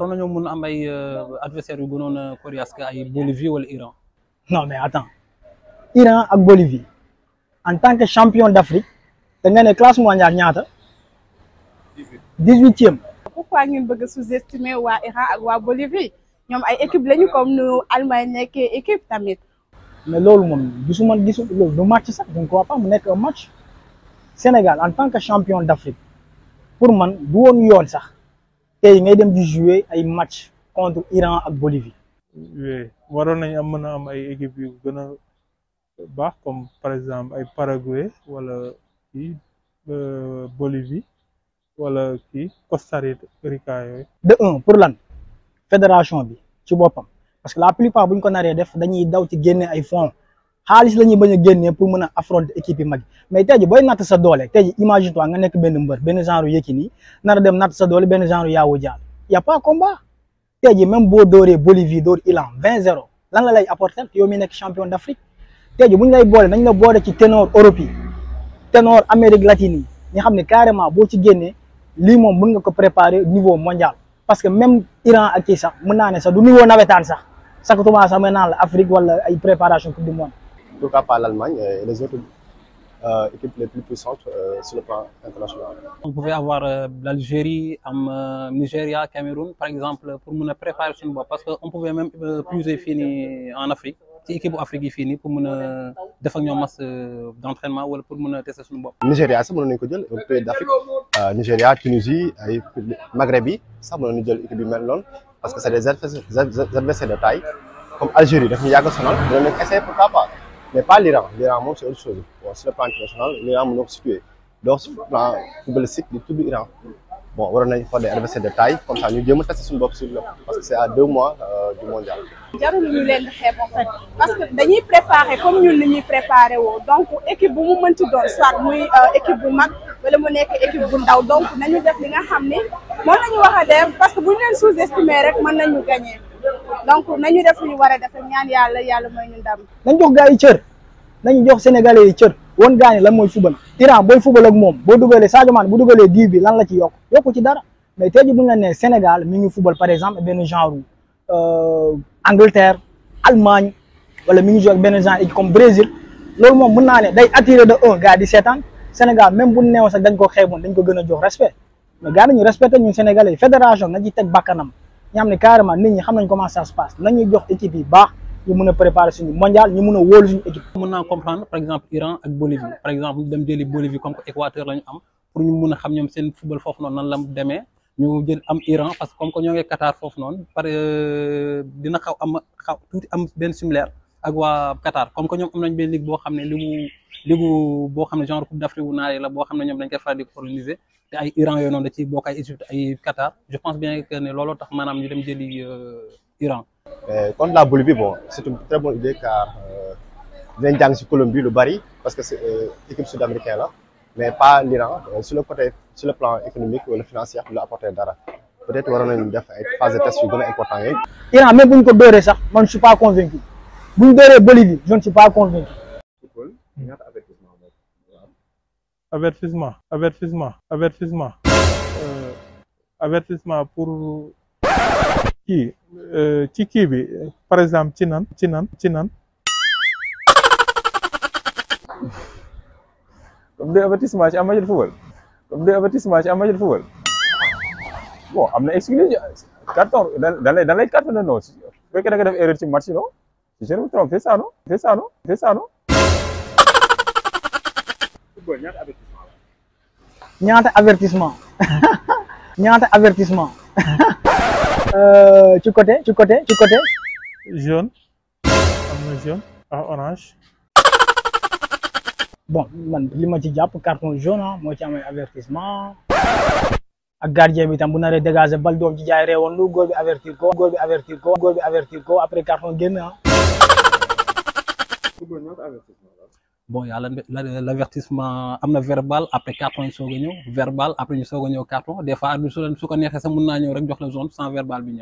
On nañoo mun am ay euh, adversaires a Bolivie ou l'Iran. non mais attends Iran ak Bolivie en tant que champion d'Afrique tu nga une classe mondiale 18e. huitième. pourquoi ñun bëgg sous-estimer waa Iran ak Bolivie? Bolivie ñoom une équipe lañu comme nu Allemagne équipe tamit. mais loolu moom gisuma gisu loolu du match sax je ne crois pas mu un match Sénégal en tant que champion d'Afrique pour moi, du woon yoon sax tey ngay dem di jouer ay match contre Iran ak Bolivie. oui waroon nañ am mën a am ay équipe yu gëna bax comme par exemple ay Paraguay wala kii euh, Bolivie wala kii Costa Rica yooyu. de un pour lan fédération bi ci bopam parce que la plupart buñ ko naré def dañuy daw ci génne ay fonds. xaalis la ñuy bañ a génnee pour mën a affronter équipe yi mag mais tey ji booy natt sa doole tey ji imagine toi nga nekk benn mbër benn genre Yékini nar a dem natt sa doole benn genre Yawou Dial y' a pas combat tey ji même boo dooree Bolivie dóor Iran 20-0 lan la lay apporter yow mi nekk champion d' Afrique tey ji bu lay boole nañ la boole ci ténor Europe yi ténor Amérique latine yi nga xam ne carrément boo ci génnee lii moom mën nga ko préparer niveau mondial parce que même Iran ak kii sax mën naa ne sax du niveau nawetaan sax sakatuma sax mën naa la wala ay préparation coupe du en tout cas pas l'Allemagne et les autres euh, équipes les plus puissantes euh, sur le plan international. On pouvait avoir euh, l'Algérie, le Nigeria, Cameroun, par exemple, pour nous préparer sur parce qu'on pouvait même plus finir en Afrique. L'équipe équipe d'Afrique Afrique pour nous défendre une masse d'entraînement ou pour nous tester sur Le Nigeria, ça, c'est nañu ko jël pays d'Afrique Nigeria, Tunisie Maghreb ça, sax équipe de parce que c'est des adversaires de taille comme Algérie daf ñu yàgg sonal dina pour essayer pourquoi pas mais pas l'Iran. L'Iran, moom c'est autre chose. Bon, sur le plan international, l'Iran mënoo ko situer. donc sur le plan footballistique de tout l'Iran. bon waroon nañu fa des adversaires de taille comme ça ñu jéem a tester suñu sur le parce que c'est à deux mois euh, du mondial. jarul ñu leen di xeeb en fait parce que dañuy préparer comme ñun ni ñuy préparer woo donc équipe bu mu mënti doon soit muy euh, équipe bu mag wala mu nekk équipe bu ndaw donc nañu def li nga xam ne lañu la ñu wax parce que buñu ñu sous-estimer rek mën nañu gagner. donc nañu def lu ñu war a ñaan yàlla yàlla mooy ñu ndam. nañ jox gaa yi cër nañu jox sénégalais yi cër woon gars yi lan mooy fubal Iran booy fubal ak moom boo dugalee Sadio Mané bu dugalee diir bi lan la ci yokk yokku ci dara mais tey ji nee Sénégal mi ngi fubal par exemple benn genre euh, Angleterre Allemagne wala mi ngi joué benn genre comme Brésil loolu moom mun naa ne day attirer de un gars di seetaan Sénégal même bu neewoon sax dañ ko xeeboon dañ ko gën a jox respect mais gars dañu respecté ñun sénégalais fédération na ci teg bakkanam. ñu xam carrément nit ñi xam nañ comment ça se passe nañu jox équipe yi baax ñu mëna a préparer suñu mondial ñu mëna a suñu équipe. mën naa comprendre par exemple Iran ak Bolivie par exemple ñu dem jëli Bolivie comme Équateur lañu am pour ñu mëna xam ñom seen football fofu non nan la démé ñu jël am Iran parce que comme que ñoo ngi Qatar fofu non par euh, dina xaw am xaw tuuti am ben similaire ak Qatar comme que ñoom am nañ benn ligue boo xam ne ligu ligu boo genre coupe d'Afrique wu naar yi la boo xam ne ñoom dañ koy faral di organiser ay Iran yooyu noonu da ci bokk ay Égypte ay Qatar je pense bien que ne looloo tax manam ñu dem jëli euh, Iran. quand euh, la Bolivie bon c'est une très bonne idée car euh, dinañ jàng si Colombie lu bari parce que c'est équipe sud-américaine là mais pas l'Iran sur le côté sur le plan économique wala financier du la apporter dara. peut-être waroon nañu def ay phase de test yu gën important yooyu. Iran même bu ñu ko dóoree sax man je suis pas convaincu. bu ñu dooree bëli bi je ne suis pas convaincu. avertissement avertissement avertissement euh, avertissement pour kii euh, ci kii bi par exemple ci nan ci nan ci nan. comme day avertissement ci am match de football comme day avertissement ci am match de football bon am na excuse carton da lay da lay carton non bu fekkee da nga def erreur ci match non. c'est je ne me trompe, c'est ça, non C'est ça, non C'est ça, non un avertissement un avertissement Tu euh, côté tu côté tu côté jaune am jaune ah, orange bon man li ma ci carton jaune a ah, moo ci amay avertissement ak gardien bi tam bu naree dégager bal doom ci jaay reewoon lu góor bi avertir ko góor bi avertir ko góor bi avertir ko après carton génn ah bon il y a l'avertissement amna verbal après carton ans soog verbal après ñu soog a carton des fois nous sommes connus ko neexee sax mën naa ñëw rek jox la zone sans verbal bi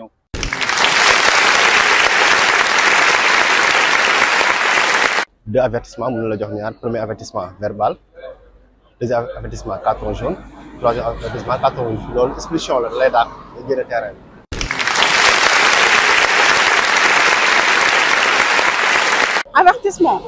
deux avertissements Le la jox ñaar premier avertissement verbal deuxième avertissement carton jaune troisième avertissement carton ans loolu expulsion la lay daal terrain avertissement.